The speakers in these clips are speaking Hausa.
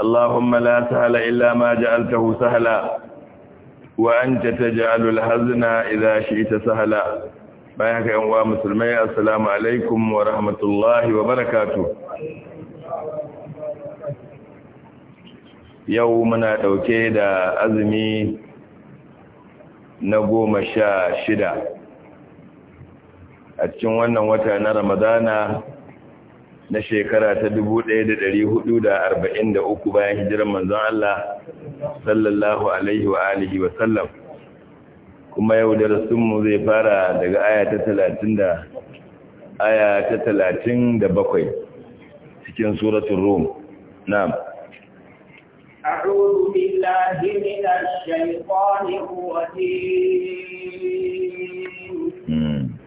اللهم لا سهل إلا ما جعلته سهلا وأنت تجعل الحزن إذا شئت سهلا بياك يا مسلمي السلام عليكم ورحمة الله وبركاته yau muna ɗauke da azumi na goma sha shida a cikin wannan wata na ramadana na shekara ta 1443 bayan hijirar manzon Allah sallallahu alaihi wa alihi wa sallam kuma yau da mu zai fara daga aya ta 30 da aya ta 37 cikin suratul rum na'am أعوذ بالله من الشيطان الرجيم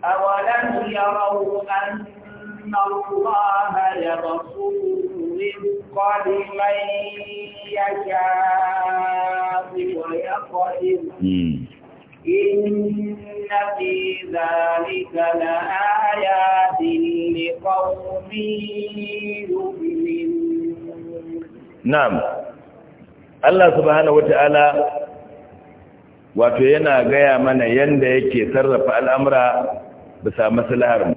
أولم يروا أن إن الله يبسط الرزق لمن يشاء ويقدر إن في ذلك لآيات لقوم يؤمنون نعم Allah subhanahu ta'ala wato yana gaya mana yanda yake sarrafa al'amura bisa masu laharin.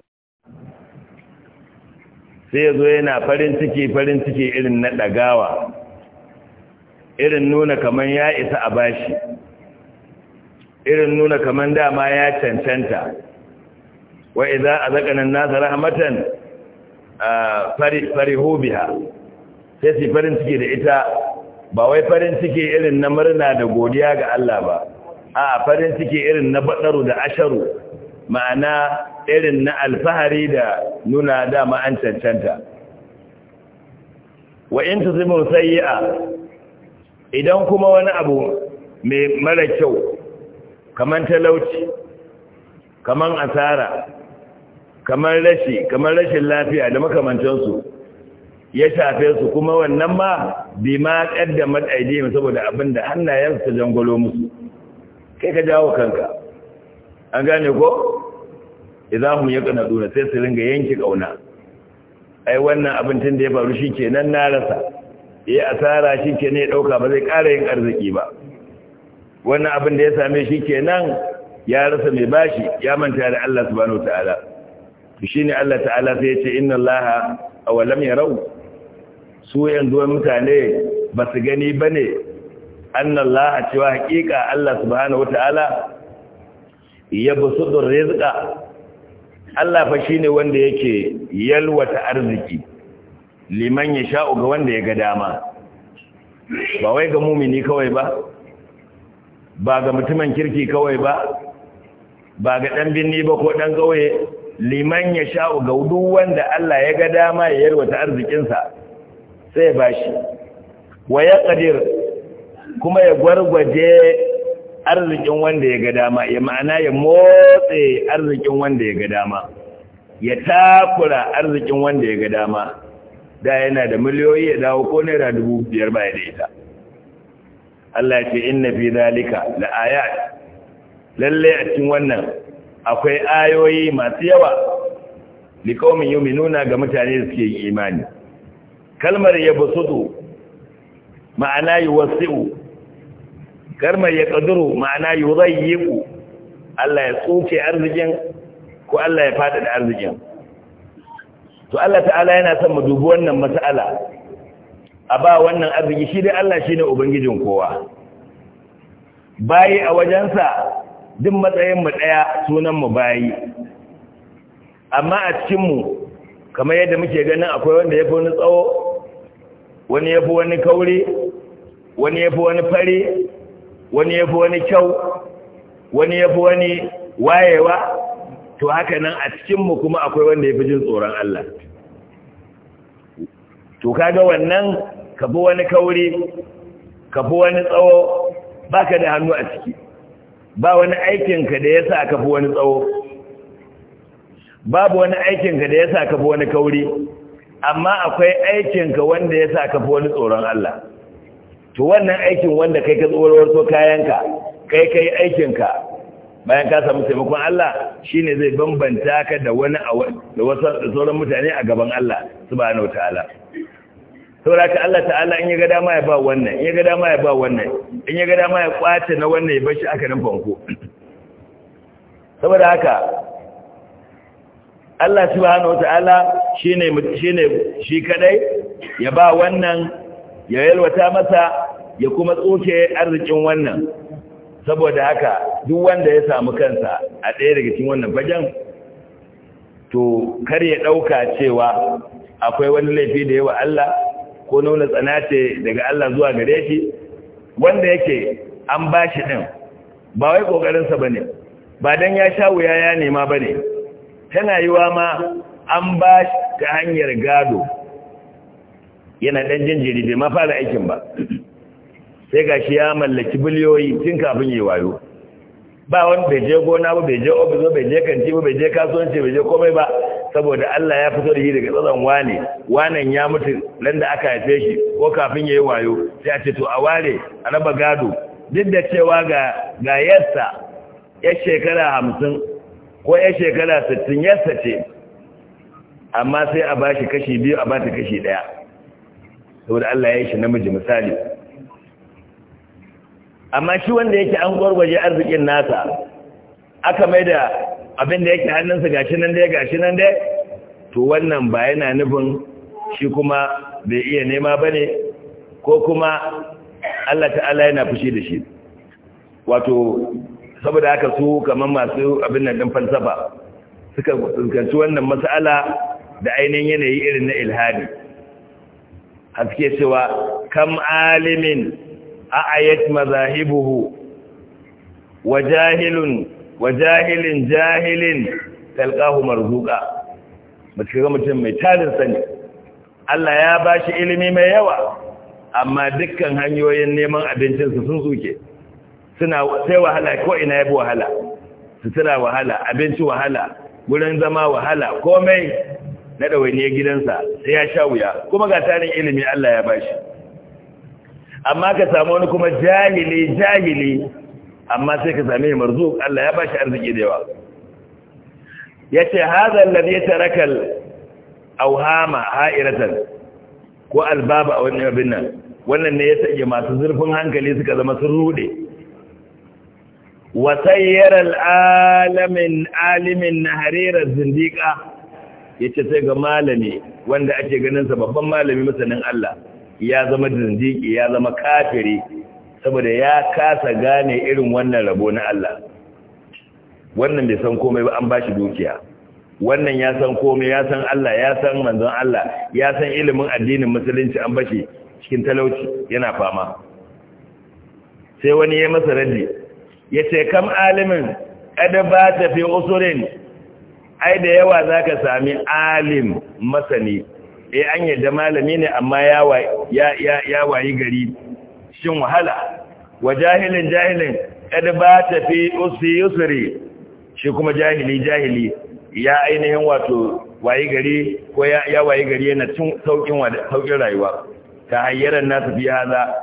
sai ya zo yana farin ciki farin ciki irin na ɗagawa irin nuna kamar ya isa a bashi irin nuna kamar dama ya cancanta wa iza a zakanin nasa rahmatan farihu biha sai su farin ciki da ita ba wai farin ciki irin na murna da godiya ga Allah ba a farin ciki irin na baɗaru da asharu ma'ana irin na alfahari da nuna dama an cancanta wa in tusibu sayyi'a idan kuma wani abu mai mara kyau kaman talauci kaman asara kamar rashi kaman rashin lafiya da makamancinsu ya shafe su kuma wannan ma bi ma da aidihim saboda abinda hannayensu ta jangolo musu kai ka jawo kanka an gane ko idan hum yaqnaduna sai su ringa yanki kauna ai wannan abin tun da ya faru shikenan na rasa yayi asara shikenan ya dauka ba zai ƙara yin arziki ba wannan abin da ya same shi kenan ya rasa mai bashi ya manta da Allah subhanahu wataala to shine Allah ta'ala sai ya ce inna Allaha aw lam yarau su yanzu mutane ba su gani bane anna cewa hakika Allah subhanahu wataala yabsutur rizqa Allah fa shine wanda yake yalwata arziki liman yasha'u ga wanda ya ga dama ba wai ga mumini kawai ba ba ga mutumin kirki kawai ba ba ga dan binni ba ko dan ƙauye? liman yasha'u ga duk wanda Allah ya ga dama ya yalwata arzikinsa sai bashi wa yaqdir kuma ya gwargwaje arzikin wanda ya ga dama ya ma'ana ya motsa arzikin wanda ya ga dama ya takura arzikin wanda ya ga dama da yana da miliyoyi ya dawo ko naira dubu biyar ba da ita Allah ya ce inna fi zalika la ayat lalle a cikin wannan akwai ayoyi masu yawa li qaumin yu'minuna ga mutane da suke imani kalmar yabsudu ma'ana yuwasi'u karmar ya kaduru ma'ana yi ku Allah ya tsoke arzikin ko Allah ya fata da arzikin to Allah ta'ala yana son mu dubi wannan mas'ala a ba wannan arziki shi dai Allah shi ne ubangijin kowa bayi a wajensa duk matsayin mu ɗaya sunan mu bayi amma a cikinmu kamar yadda muke ganin akwai wanda ya fi wani tsawo wani ya fi wani kauri wani ya fi wani fari wani ya fi wani kyau wani ya fi wani wayewa to haka nan a cikinmu kuma akwai wanda ya fi jin tsoron Allah to kaga wannan ka fi wani kauri ka fi wani tsawo ba ka da hannu a ciki ba wani aikinka da ya sa ka fi wani tsawo babu wani aikinka da ya sa ka fi wani kauri amma akwai aikinka wanda ya sa ka fi wani tsoron Allah to wannan aikin wanda kai ka tsohuwar so kayanka kai kai aikinka bayan ka samu taimakon Allah shine zai bambanta ka da wani da wasu sauran mutane a gaban Allah subhanahu wataala saboda ka Allah ta'ala in ya ga dama ya ba wannan in ya ga dama ya ba wannan in ya ga dama ya kwace na wannan ya bashi aka nan fanko saboda haka Allah subhanahu wataala shine shine shi kadai ya ba wannan ya yalwata masa ya kuma tsoke arzikin wannan saboda haka duk wanda ya samu kansa a ɗaya daga cikin wannan fagen to kar ya ɗauka cewa akwai wani laifi da yawa Allah ko nuna tsana ce daga Allah zuwa gare shi wanda yake an ba shi ɗin ba wai ƙoƙarinsa ba ne ba don ya sha wuya ya nema ba ne tana yiwa ma an ba shi ta hanyar gado yana ɗan jinjiri bai ma fara aikin ba sai ga shi ya mallaki biliyoyi tun kafin yi wayo ba wani bai je gona ba bai je ofis ba bai je kanti ba bai je kasuwanci bai je komai ba saboda Allah ya fito da shi daga tsazan wane wanan ya mutu nan da aka haife shi ko kafin yayi wayo sai a ce to a ware a raba gado duk da cewa ga ga yarsa ya shekara hamsin ko ya shekara sittin yarsa ce amma sai a bashi kashi biyu a bata kashi ɗaya saboda Allah ya yi shi namiji misali amma shi wanda yake an gwargwaje arzikin nasa aka mai da abin da yake hannunsa gashi nan dai gashi nan dai to wannan ba yana nufin shi kuma bai iya nema ba ne ko kuma Allah ta'ala yana fushi da shi wato saboda haka su kamar masu abin nan din falsafa suka fuskanci wannan mas'ala da ainihin yanayi irin na ilhadi haske cewa kam alimin a'ayat mazahibuhu wa jahilun wa jahilin jahilin talqahu marzuqa mutum ga mutum mai talin sani Allah ya bashi ilimi mai yawa amma dukkan hanyoyin neman abincin su sun zuke suna sai wahala ko ina yabo wahala sutura wahala abinci wahala gurin zama wahala komai na ɗawainiyar gidansa sai ya sha wuya kuma ga tarin ilimi Allah ya bashi amma ka samu wani kuma jahili jahili amma sai ka same marzu Allah ya bashi arziki da yawa yace hadha alladhi taraka awhama ha'iratan ko albaba a wannan abin nan wannan ne ya sake masu zurfin hankali suka zama sun rude wa sayyara alamin alimin harira zindiqa yace sai ga malami wanda ake ganin sa babban malami masanin Allah ya zama zindiki ya zama kafiri saboda ya kasa gane irin wannan rabo na Allah wannan bai san komai ba an bashi dukiya wannan ya san komai ya san Allah ya san manzon Allah ya san ilimin addinin musulunci an bashi cikin talauci yana fama sai wani ya masa raddi yace kam alimin kada ba ta fi usurin ai da yawa zaka sami alim masani eh an yadda malami ne amma ya wayi gari shin wahala wa jahilin jahilin kada ba ta fi usi yusri shi kuma jahili jahili ya ainihin wato wayi gari ko ya wayi gari yana cin saukin saukin rayuwa ta hayyaran nasu fi haza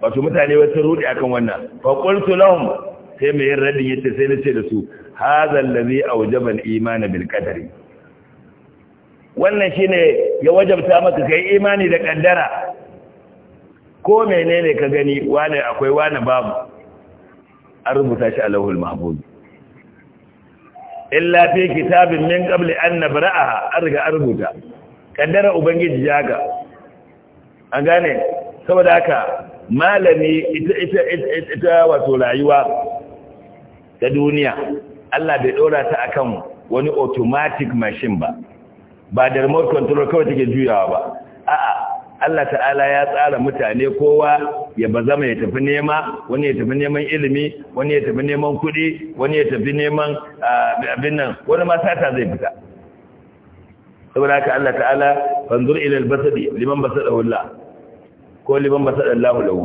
wato mutane wasu rudi akan wannan fa qultu lahum sai mai raddin yace sai nace da su hadha allazi awjaba al-iman bil qadari wannan shi ne ya wajabta maka kai imani da ƙandara ko menene ka gani wane akwai wane babu an rubuta shi a lauhul mahbub illa fi kitabin min qabli an nabra'aha an riga an rubuta ubangiji ya ga an gane saboda haka malami ita ita ita wato rayuwa ta duniya Allah bai dora ta akan wani automatic machine ba ba da remote control kawai take juyawa ba a'a Allah ta'ala ya tsara mutane kowa ya bazama ya tafi nema wani ya tafi neman ilimi wani ya tafi neman kuɗi wani ya tafi neman abin nan wani ma sata zai fita saboda haka Allah ta'ala fanzur ila albasadi liman basadahu Allah ko liman basada Allah lahu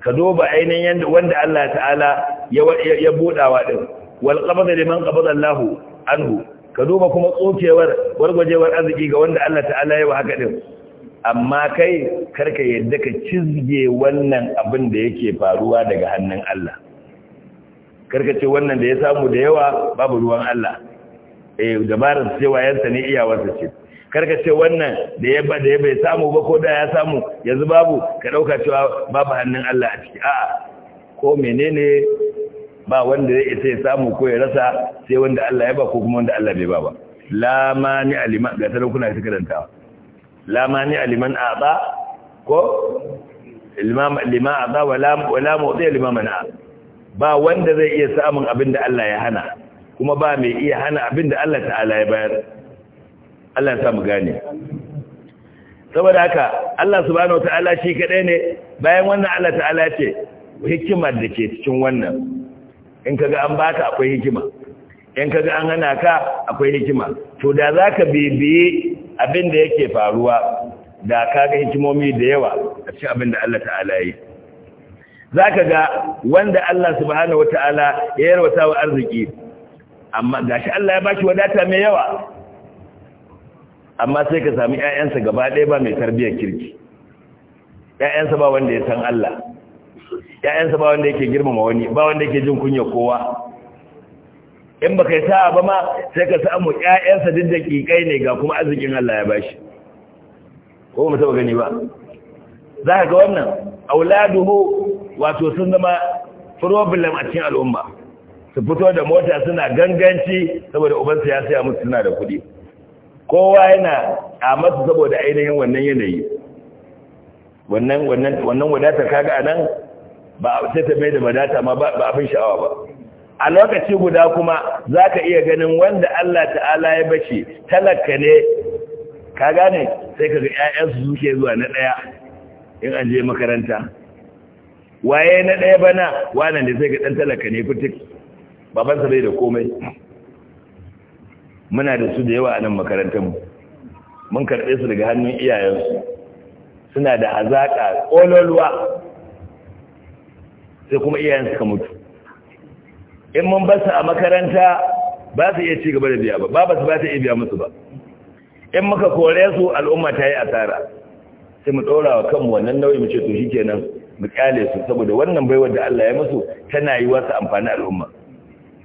ka duba ainihin yanda wanda Allah ta'ala ya ya budawa din wal qabada liman qabada Allah anhu ka duba kuma tsokewar gwargwajewar arziki ga wanda Allah ta'ala ya wa haka ɗin. amma kai karka yadda ka cizge wannan abin da yake faruwa daga hannun Allah karka ce wannan da ya samu da yawa babu ruwan Allah eh dabarar cewa yansa ne iyawarsa ce karka ce wannan da ya da ya bai samu ba ko da ya samu yanzu babu ka dauka cewa babu hannun Allah a ciki a'a ko menene ba wanda zai isa ya samu ko ya rasa sai wanda Allah ya ba ko kuma wanda Allah bai ba ba la mani aliman ga talakuna ta karantawa la mani aliman aza ko limam lima aza wala wala mu'ti limaman a ba wanda zai iya samun abin da Allah ya hana kuma ba mai iya hana abin da Allah ta'ala ya bayar Allah ya samu gane saboda haka Allah subhanahu wataala shi kadai ne bayan wannan Allah ta'ala ce hikimar da ke cikin wannan in ka ga an baka akwai hikima in ka ga an hana ka akwai hikima to da za ka bibiye abin da yake faruwa da ka ga hikimomi da yawa a cikin abin da Allah ta'ala yi Za ka ga wanda Allah subhanahu wataala ya rawata wa arziki amma shi Allah ya baki wadata mai yawa amma sai ka sami 'ya'yansa gaba ɗaya ba mai tarbiyyar kirki Ya'yansa ba wanda ya san Allah Ya'yansa ba wanda yake girmama wani ba wanda yake jin kunya kowa in baka yi sa'a ba ma sai ka samu 'ya'yansa duk da kikai ne ga kuma arzikin Allah ya bashi ko mu taba gani ba za ka ga wannan auladuhu wato sun zama problem a cikin al'umma su fito da mota suna ganganci saboda ubansa ya saya musu suna da kuɗi kowa yana a masu saboda ainihin wannan yanayi wannan wadatar kaga a nan ba sai ta mai da wadata ma ba abin sha'awa ba a lokaci guda kuma za ka iya ganin wanda Allah ta'ala ya bashi talaka ne ka gane sai ka ga 'ya'yansu suke zuwa na ɗaya in an je makaranta waye na ɗaya bana wanan da sai ga ɗan talaka ne fitik babansa bai da komai muna da su da yawa a nan makarantarmu mun karɓe su daga hannun iyayensu suna da hazaƙa ƙololuwa sai kuma iyayen suka mutu in mun ba su a makaranta ba su iya ci gaba da biya ba babu su ba su iya biya musu ba in muka kore su al'umma ta yi asara sai mu ɗora wa kanmu wannan nauyi mu ce to shikenan mu kyale su saboda wannan baiwar da Allah ya musu tana yi wasu amfani al'umma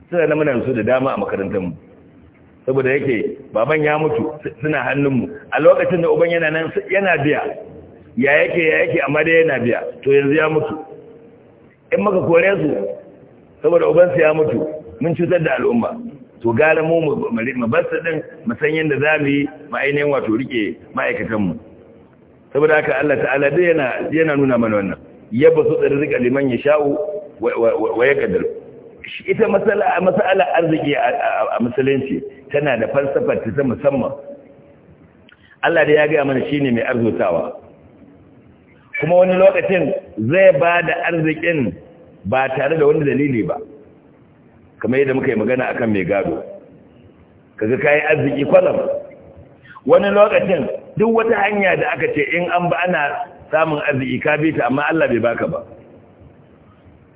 suna na muna su da dama a makarantar mu saboda yake baban ya mutu suna mu, a lokacin da uban yana nan yana biya ya yake ya yake amma dai yana biya to yanzu ya mutu in maka kore su saboda ubansu ya mutu mun cutar da al'umma to gara mu mabasta din masanyin san yanda za mu yi ainihin wato rike ma'aikatanmu saboda haka Allah ta'ala dai yana yana nuna mana wannan yabba su da rizqa liman ya sha'u wa ya kadar ita masala arziki a musulunci tana da falsafar ta musamman Allah da ya gaya mana shine mai arzutawa kuma wani lokacin zai ba da arzikin ba tare da wani dalili ba kamar yadda muka yi magana akan mai gado kaga kayi arziki kwalam wani lokacin duk wata hanya da aka ce in an ba ana samun arziki ka bi ta amma Allah bai baka ba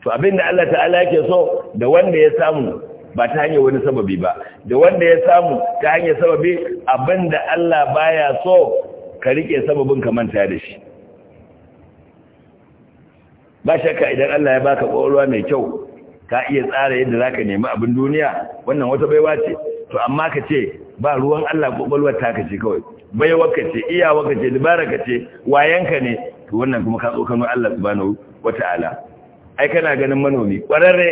to abinda Allah ta'ala yake so da wanda ya samu ba ta hanyar wani sababi ba da wanda ya samu ta hanyar sababi abinda Allah baya so ka rike sababin ka manta da shi ba shakka idan Allah ya baka ƙwaƙwalwa mai kyau ka iya tsara yadda zaka nemi abin duniya wannan wata baiwa ce to amma ka ce ba ruwan Allah ƙwaƙwalwar ta ce kawai baiwar ka ce iya waka ce dabarar ce wayanka ne to wannan kuma ka tsokano Allah subhanahu wata'ala ai kana ganin manomi ƙwararre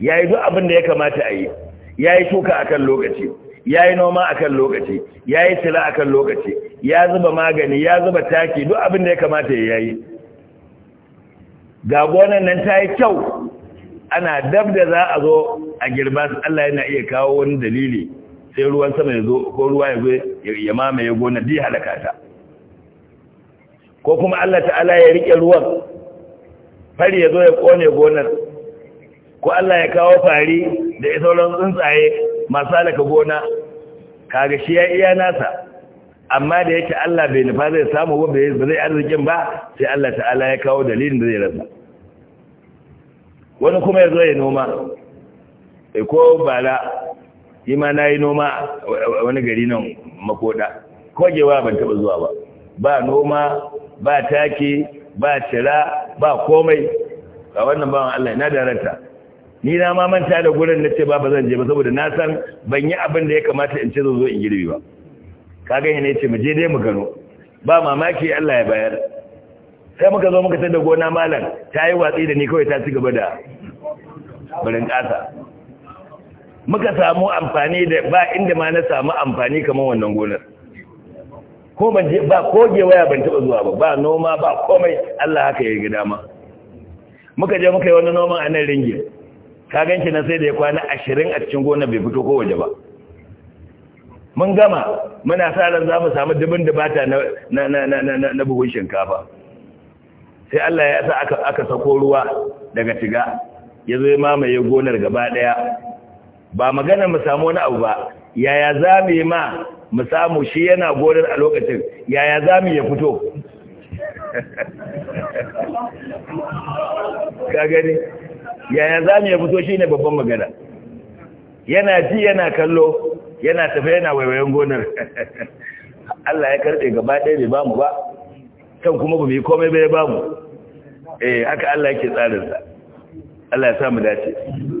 yayi duk abin da ya kamata a yi yayi shuka akan lokaci ya noma akan kan lokaci ya yi akan lokaci ya zuba magani ya zuba taki duk abin da ya kamata ya yi ga gonan nan ta yi kyau ana dab da za a zo a girba Allah yana iya kawo wani dalili sai ruwan sama ya zo ko ruwa ya zo ya mamaye gonan di halaka ta ko kuma Allah ta'ala ya rike ruwan fari ya zo ya kone gonar ko Allah ya kawo fari da ya sauran tsuntsaye masu halaka gona kaga shi ya iya nasa amma da yake Allah bai nufa zai samu ba bai zai arzikin ba sai Allah ta'ala ya kawo dalilin da zai rasa wani kuma ya zo ya noma e ko bala yi ma na yi noma wani gari nan makoda kogewa ban taba zuwa ba ba noma ba taki ba cira ba komai a wannan bawan Allah na daranta ni na ma manta da gurin na ce ba ba zan je ba saboda na san ban yi abin da ya kamata in ce zo zo in girbi ba kaga ne ce mu je dai mu gano ba mamaki Allah ya bayar sai muka zo muka da gona malam ta yi watsi da ni kawai ta ci gaba da barin ƙasa muka samu amfani da ba inda ma na samu amfani kamar wannan gonar ko ban je ba koge waya ban taɓa zuwa ba ba noma ba komai Allah haka ya ga dama muka je muka yi wani noman a nan ringi ka ganki na sai da ya kwana ashirin a cikin gonar bai fito ko waje ba mun gama muna sa ran zamu samu dubin da bata na buhun shinkafa sai Allah ya sa aka sako ruwa daga tiga ya zo ya mamaye gonar gaba daya ba magana mu samu wani abu ba yaya za mu yi ma mu samu shi yana gonar a lokacin yaya za mu ya fito ka gani yaya za mu ya fito shi ne babban magana yana ji yana kallo yana tafe yana waiwayen gonar Allah ya karɗe gaba ɗaya bai ba mu ba kan kuma ba mu yi komai bai ba mu eh haka Allah yake sa Allah ya sa mu dace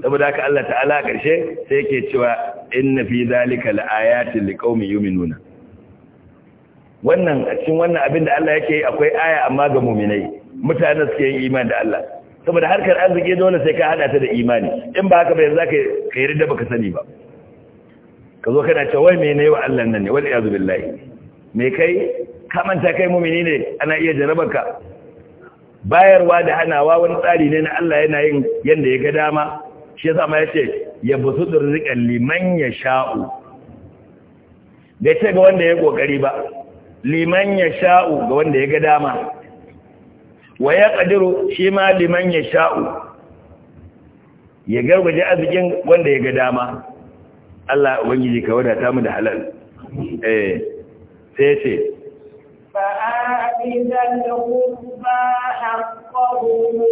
saboda haka Allah ta'ala karshe sai yake cewa inna fi zalika laayatin liqaumin yu'minuna wannan a cikin wannan abin da Allah yake akwai aya amma ga mu'minai mutane suke yin imani da Allah saboda harkar arziki dole sai ka hada ta da imani in ba haka ba yanzu zaka ka yarda baka sani ba ka zo kana cewa wai me ne wa Allah nan ne wal iyazu billahi me kai kamanta kai mumini ne ana iya jarabarka bayarwa da hanawa wani tsari ne na Allah yana yin yanda ya ga dama shi yasa ma yace ya busu rizqan liman yasha'u da ce ga wanda ya kokari ba liman yasha'u ga wanda ya ga dama wa yaqdiru shi ma liman yasha'u ya gargaje azikin wanda ya ga dama Allah ubangiji ka wadata mu da halal eh sai ce وإذا القربى حقه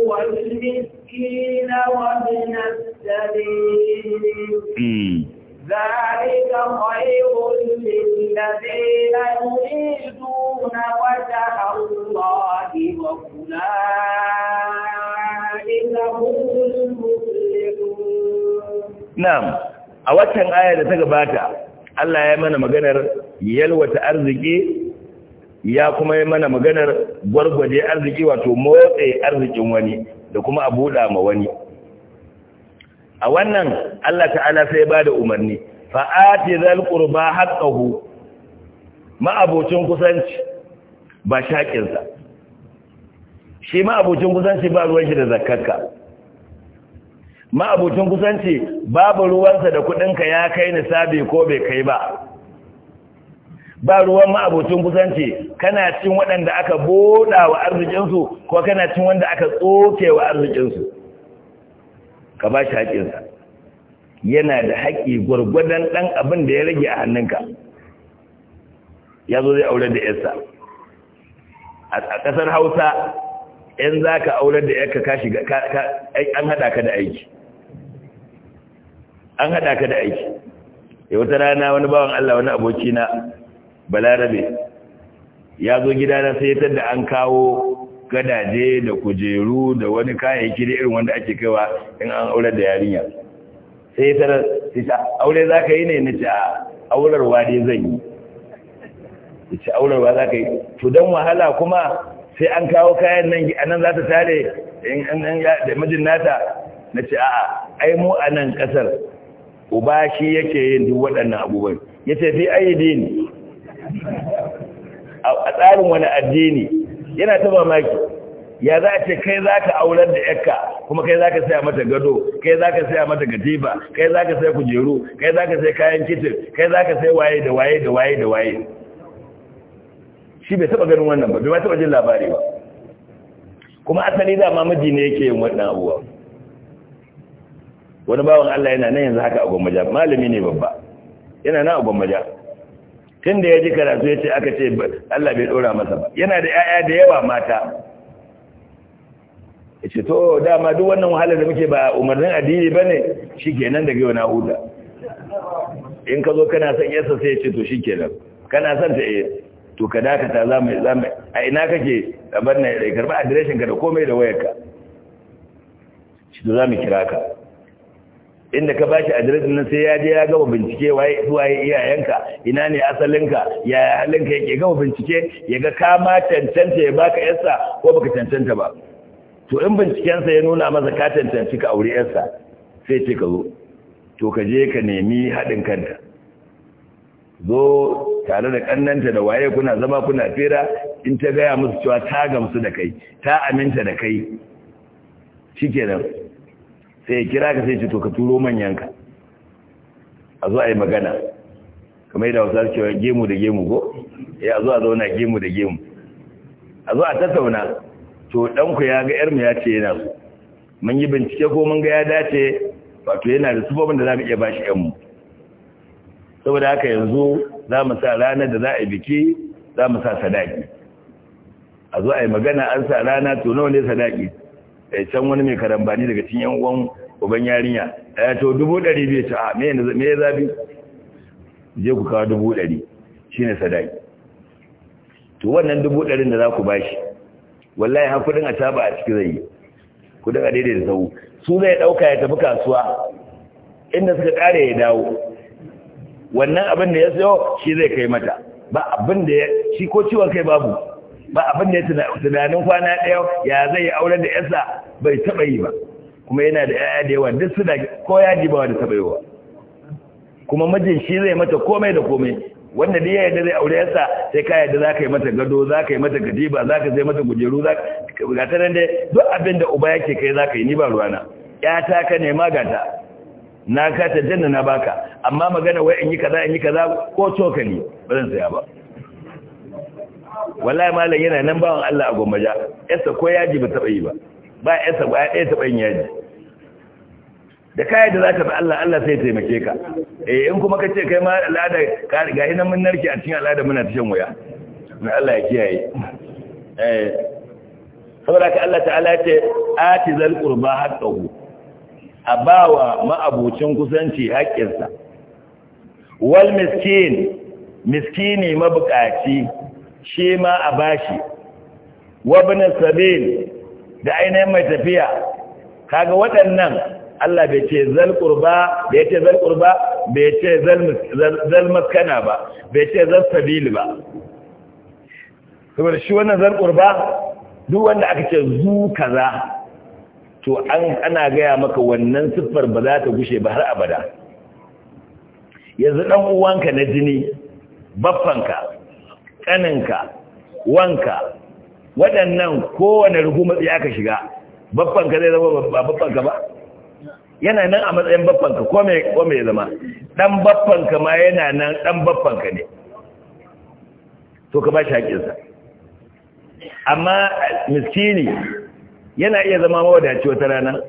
والمسكين وابن السبيل ذلك خير للذين يريدون وجه الله وأولئك هم المفلحون نعم a watan aya da ta gabata Allah ya mana maganar yalwata arziki ya kuma yi mana maganar gwargwaje arziki wato motsa arzikin wani da kuma a buɗa ma wani a wannan Allah ta'ala sai ba da umarni fa'ati zal qurba haqqahu ma'abocin kusanci ba shaƙinsa. shi ma'abocin kusanci ba ruwan shi da zakkarka ma'abocin kusanci babu ruwansa da kuɗinka ya kai nisabi ko bai kai ba ba ruwan ma abocin kusanci kana cin waɗanda aka boda wa arzikinsu ko kana cin wanda aka tsoke wa arzikinsu ka ba shi haƙinsa yana da haƙi gwargwadon ɗan abin da ya rage a hannunka ya zo zai aure da yarsa a ƙasar hausa in za ka aure da yarka an haɗa ka da aiki an haɗa ka da aiki yau eh, ta rana wani bawan allah wani abokina balarabe ya zo gidana sai ya tadda an kawo gadaje da kujeru da wani kayan kiri irin wanda ake kaiwa in an aure da yarinya sai ya sai ta aure za ka yi ne na ci a aurarwa dai zan yi ta ce aurarwa za ka yi to don wahala kuma sai an kawo kayan nan a nan za ta tare da mijin nata na ce a'a ai mu a nan ƙasar uba shi yake yin duk waɗannan abubuwan ya ce fi ayyadi ne a tsarin wani addini yana ta mamaki ya za a ce kai za ka aurar da yakka kuma kai za ka saya mata gado kai za ka saya mata gatiba kai za ka saya kujeru kai za ka saya kayan kitin kai za ka saya waye da waye da waye da waye shi bai saba ganin wannan ba bai taba jin labari ba kuma asali dama mamaji ne yake yin wannan abuwa wani bawan Allah yana nan yanzu haka a gwammaja malami ne babba yana nan a gwammaja tun da ya ji karatu ya ce aka ce Allah bai ɗora masa ba yana da ‘ya'ya da yawa mata ya ce to dama duk wannan wahalar da muke ba umarnin addini ba ne shi kenan daga yau na huda in ka zo kana son yasa sai ya ce to shi kenan kana son ta iya eh, to ka dakata za mu za a ina kake bar na ya adireshin ka da komai da wayarka shi to za mu kira ka inda ka bashi adireshin nan sai ya je ya gaba bincike waye iyayenka ina ne asalinka yaya halinka yake gaba bincike ya ga kama cancanta ya baka yarsa ko baka cancanta ba to in bincikensa ya nuna masa ka cancanci ka aure yarsa sai ce ka zo to ka je ka nemi haɗin kanta zo tare da kannanta da waye kuna zama kuna fera in ta gaya musu cewa ta gamsu da kai ta aminta da kai shikenan sai ya kira ka sai ce to ka turo manyanka a zo a yi magana kamar yadda wasu cewa gemu da gemu ko ya eh, zo a zauna gemu da gemu a zo a tattauna to ɗanku ya ga yarmu ya ce yana so mun yi bincike ko mun ga ya dace wato yana da sufofin da za mu iya bashi yanmu saboda haka yanzu za mu sa ranar da za a yi biki za mu sa sadaki a zo a yi magana an sa rana to nawa ne sadaki Eh, can wani mai karambani daga cin yan uwan uban yarinya ya eh, to dubu ɗari bai ci a me ya zabi je ku kawo dubu ɗari shi ne sadaki to wannan dubu ɗarin da za ku ba shi wallahi har kudin a taba a ciki zai yi kudin a daidai da sau su zai ɗauka ya tafi kasuwa inda suka ƙare ya dawo wannan abin da ya sayo shi zai kai mata ba abin da ya shi ko ciwon kai babu ba abin da ya tunanin kwana ɗaya ya zai aure da yasa bai taɓa yi ba kuma yana da yaya da yawa duk suna ko ji ba da taɓa yi wa kuma mijin shi zai mata komai da komai wanda da yaya da zai aure yasa sai ka yadda za ka yi mata gado za ka yi mata gadiba za ka zai mata gujeru za ka gata nan dai duk abin da uba yake kai za ka yi ni ba ruwana ya ta ka nema gata na ka ta janna na baka amma magana wai in yi kaza in yi kaza ko cokali ba zan saya ba wallahi malam yana nan bawan Allah a gwammaja yasa ko yaji ba taɓa yi ba ba yasa ba ɗaya taɓa yin yaji da kayan da za ka bi Allah Allah sai taimake ka eh in kuma ka ce kai ma al'ada ka hinan mun narki a cikin al'ada muna cikin wuya na Allah ya kiyaye eh saboda ka Allah ta'ala ya ce ati zal qurba haqqahu abawa ma'abucin kusanci haƙƙinsa wal miskin miskini mabukaci shi ma a bashi wabna sabil da ainihin mai tafiya kaga waɗannan Allah bai ce zal qurba bai ce zal qurba bai ce zal maskana ba bai ce zal sabil ba saboda shi wannan zal qurba duk wanda aka ce zu kaza to an ana gaya maka wannan siffar ba za ta gushe ba har abada yanzu dan uwanka na jini baffanka kaninka wanka waɗannan kowane ruhumatsi aka shiga babbanka zai zama ba babbanka ba yana nan a matsayin babbanka ko mai zama ɗan babbanka ma yana nan ɗan babbanka ne to ka ba shi haƙinsa amma miskini yana iya zama mawadaci wata rana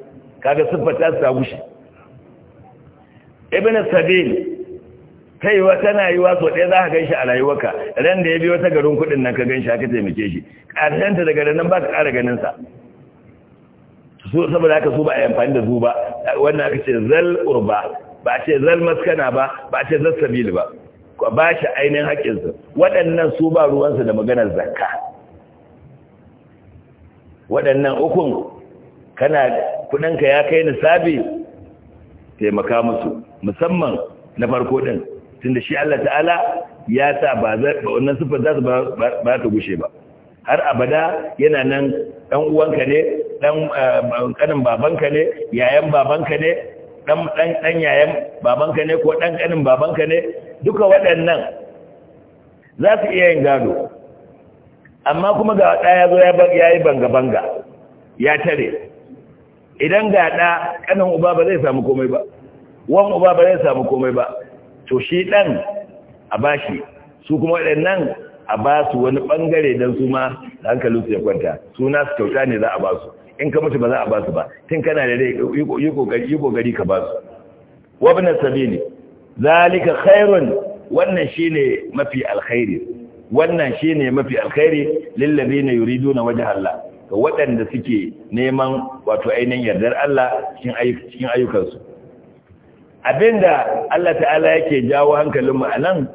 kaga siffata su ta gushe ibn sabil Kaiwa tana yiwa so ɗaya za ka gan shi a rayuwarka ran da ya biyo ta garin kuɗin nan ka gan shi aka taimake shi ƙarshenta daga nan ba ka ƙara ganin sa su saboda haka su ba a yi amfani da su ba wannan aka ce zal urba ba a ce zal maskana ba ba ce zal sabili ba ba shi ainihin haƙƙinsu waɗannan su ba ruwansu da maganar zakka waɗannan ukun kana kuɗinka ya kai nisabi taimaka musu musamman na farko din. tunda shi Allah ta'ala ya sa ba wannan sifar za su ba ta gushe ba har abada yana nan ɗan uwanka ne ɗan eh, ƙanin babanka ne yayan babanka ne ɗan ɗan yayan babanka ne ko ɗan ƙanin babanka ne duka waɗannan za su iya yin gado amma kuma ga ɗa ya zo ya yi banga-banga ya tare idan ga ɗa ƙanin uba ba zai samu komai ba wan uba ba zai samu komai ba to shi ɗan a bashi su kuma waɗannan a ba su wani ɓangare don su ma da su ya kwanta suna su kyauta ne za a ba su in ka mutu ba za a ba su ba tun kana da yi kokari ka ba su wabna sabili zalika khairun wannan shine mafi alkhairi wannan shine mafi alkhairi lil ladina yuriduna wajha Allah ga waɗanda suke neman wato ainihin yardar Allah cikin ayyukansu abinda Allah ta'ala yake jawo hankalin mu anan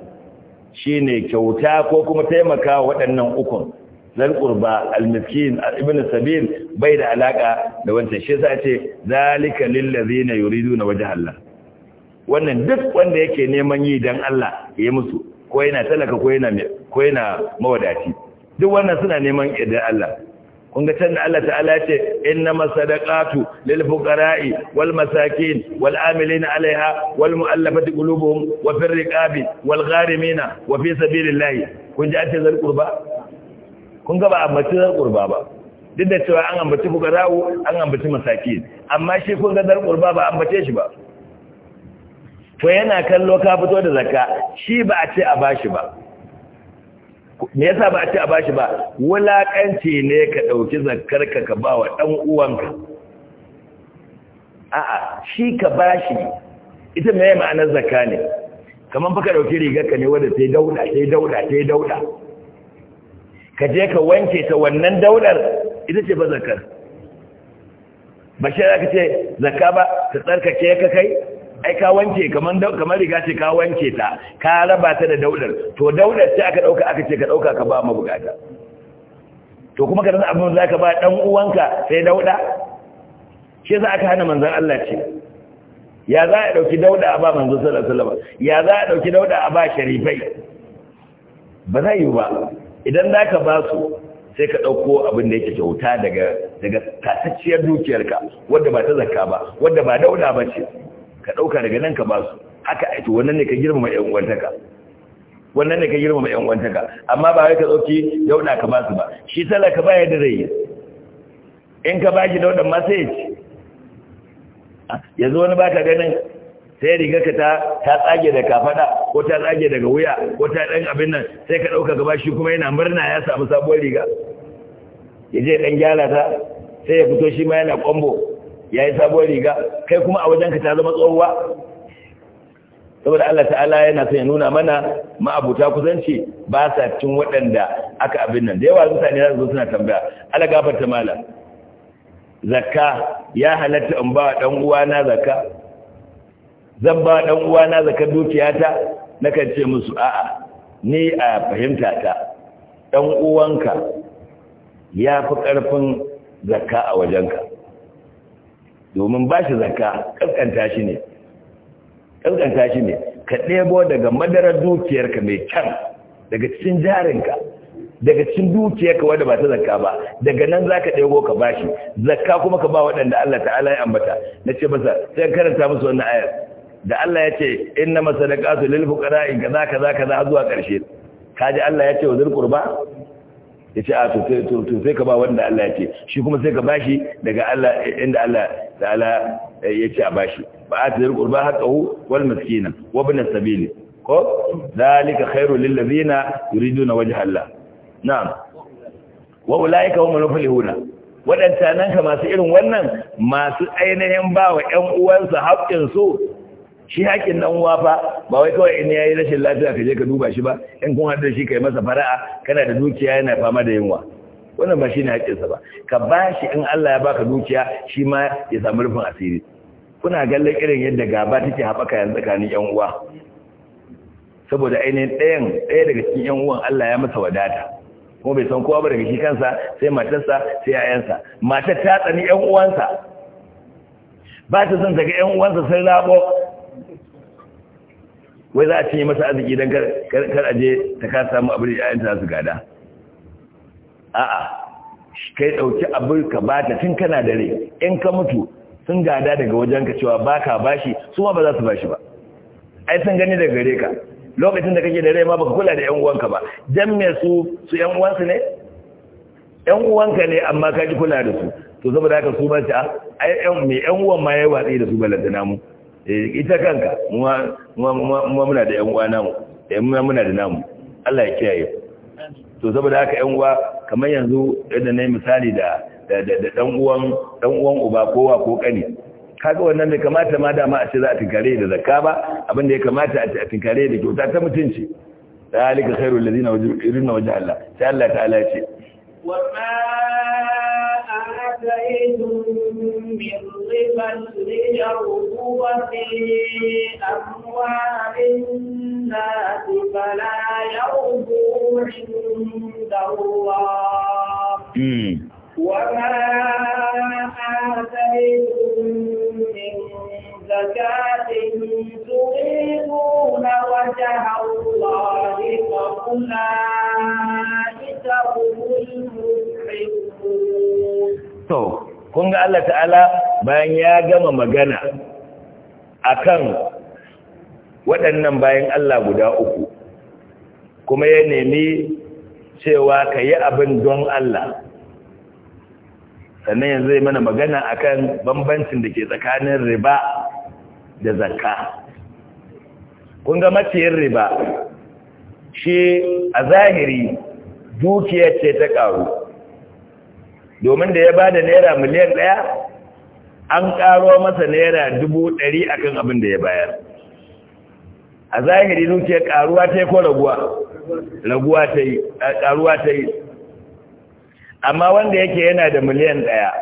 shine kyauta ko kuma taimaka waɗannan ukun zal qurba al miskin ibn sabil bai da alaƙa da wancan shi yasa ce zalika lil ladina yuriduna wajha Allah wannan duk wanda yake neman yi dan Allah ya musu ko yana talaka ko yana ko yana mawadaci duk wannan suna neman idan Allah kun ga can da Allah ta'ala ce inna masadaqatu lil fuqara'i wal masakin wal amilina 'alayha wal mu'allafati qulubuhum wa fir riqabi wal gharimina wa fi sabilillah kun ji ace zal qurba kun ga ba ambaci zal qurba ba duk da cewa an ambaci fuqara'u an ambaci masakin amma shi kun ga zal qurba ba ambace shi ba to yana kallo ka fito da zakka shi ba a ce a bashi ba me yasa ba a ce a bashi ba wulakanci ne ka ɗauki zakkarka ka ba wa ɗan uwanka a'a shi ka bashi ita me ma'anar zakka ne kamar fa ka ɗauki ka ne wadda ta dauda ta dauda ta dauda ka je ka wanke ta wannan daular ita ce ba zakkar. ba shi ka ce zakka ba ta tsarkake ka kai ai ka wanke kamar riga ce ka wanke ta ka raba ta da daudar to daudar ce aka dauka aka ce ka dauka ka ba mabukata to kuma ka abin zaka ba dan uwanka sai dauda shi za aka hana manzon Allah ce ya za a dauki dauda a ba manzon sallallahu alaihi wasallam ya za a dauki dauda a ba sharifai ba za yi ba idan za ka ba su sai ka ɗauko abin da yake kyauta daga daga kasaciyar dukiyarka wadda ba ta zakka ba wadda ba dauda ba ce ka ɗauka daga nan ka ba su haka aiki wannan ne ka girmama ‘yan uwantaka wannan ne ka girmama ‘yan uwantaka amma ba wai ka ɗauki dauɗa ka ba su ba shi ka ba yadda da yi in ka ba shi dauɗan ma sai ya ci ah, yanzu wani ba ka ganin sai rigarka ta ta tsage da kafada ko ta tsage daga wuya ko ta dan abin nan sai ka dauka gaba shi kuma yana murna ya samu sabuwar riga yaje dan gyara ta sai ya fito shi ma yana kombo ya yi sabuwar riga kai kuma a wajenka ta zama tsohuwa saboda Allah ta'ala yana son ya nuna mana ma'abuta kusanci ba sa cin waɗanda aka abin nan da yawa mutane ne zuwa suna tambaya ala gafarta mala zakka ya halatta in ba dan uwana zakka zan ba dan uwana zakka dukiyata nakan ce musu a'a ni a fahimta ta dan uwanka ya fi ƙarfin zakka a wajenka domin ba shi zakka kaskanta shi ne kaskanta shi ne ka ɗebo daga madarar dukiyarka mai can daga cikin jarinka daga cikin dukiyarka wadda ba ta zakka ba daga nan za ka ɗebo ka ba shi. zakka kuma ka ba waɗanda Allah ta'ala ya ambata na ce masa sai karanta musu wannan ayar da Allah ya ce inna masadaqatu lil fuqara in kaza kaza kaza zuwa ƙarshe kaji Allah ya ce wa zul ba? ya ce a to sai ka ba wanda Allah ya ce shi kuma sai ka bashi daga Allah inda Allah ta'ala ya ce a bashi ba a tazir qurba haqqahu wal miskina wa ibn as ko zalika khairul lil ladina yuriduna wajha Allah na'am wa ulaika humul muflihuna wadannan nan ka masu irin wannan masu ainihin ba wa ƴan uwansa haƙƙin su shi haƙin nan uwa fa ba wai kawai in yayi rashin lafiya ka je ka duba shi ba in kun haɗu shi kai masa fara'a kana da dukiya yana fama da yunwa wannan ba shi ne hakin sa ba ka ba shi in Allah ya baka dukiya shi ma ya samu rufin asiri kuna galle irin yadda gaba take haɓaka yanzu tsakanin yan uwa saboda ainihin ɗayan ɗaya daga cikin yan uwan Allah ya masa wadata kuma bai san kowa ba daga shi kansa sai matarsa sai 'ya'yansa matar ta tsani yan uwansa ba ta son daga yan uwansa sai rabo wai za a cinye masa arziki don kar aje ta ka samu abin da ‘ya'yanta su gada a'a kai ɗauki abin ka ba ta tun kana da rai in ka mutu sun gada daga wajen ka cewa ba ka bashi su ma ba za su bashi ba ai sun gani daga gare ka lokacin da kake da rai ma baka kula da ‘yan uwanka ba jan me su su ‘yan uwansu ne ‘yan uwanka ne amma ka ji kula da su to saboda haka su ba ta ah, ai ‘yan uwan ma ya yi watsi da su balantana mu Eh, ita kanka muwa muna da 'yan uwa namu yamma eh, muna da namu Allah ya kiyaye to saboda haka yan uwa kamar yanzu yadda nayi misali da da dan uwan dan uwan uba kowa ko kani kaga wannan bai kamata ma dama a ce za a tinkare da zakka ba abin da ya kamata a tinkare da kyauta ta mutunci dalika khairul ladina na wajha Allah sai Allah ta'ala ya ce wa ma a'taytum min ليربوا في أموال الناس فلا يربو عند الله وما آتيتم من زكاة تريدون وجه الله فأولئك هم المفلحون kun ga Allah ta'ala bayan ya gama magana akan waɗannan bayan Allah guda uku kuma ya nemi cewa ka yi abin don Allah sannan yanzu zai mana magana akan bambancin da ke tsakanin riba da zakka kun ga maciyin riba shi a zahiri dukiya ce ta ƙaru domin da ya ba da naira miliyan ɗaya an ƙaro masa naira dubu ɗari a kan abin da ya bayar a zahiri nuke ƙaruwa ta yi ko raguwa raguwa ta yi ƙaruwa ta yi amma wanda yake yana da miliyan ɗaya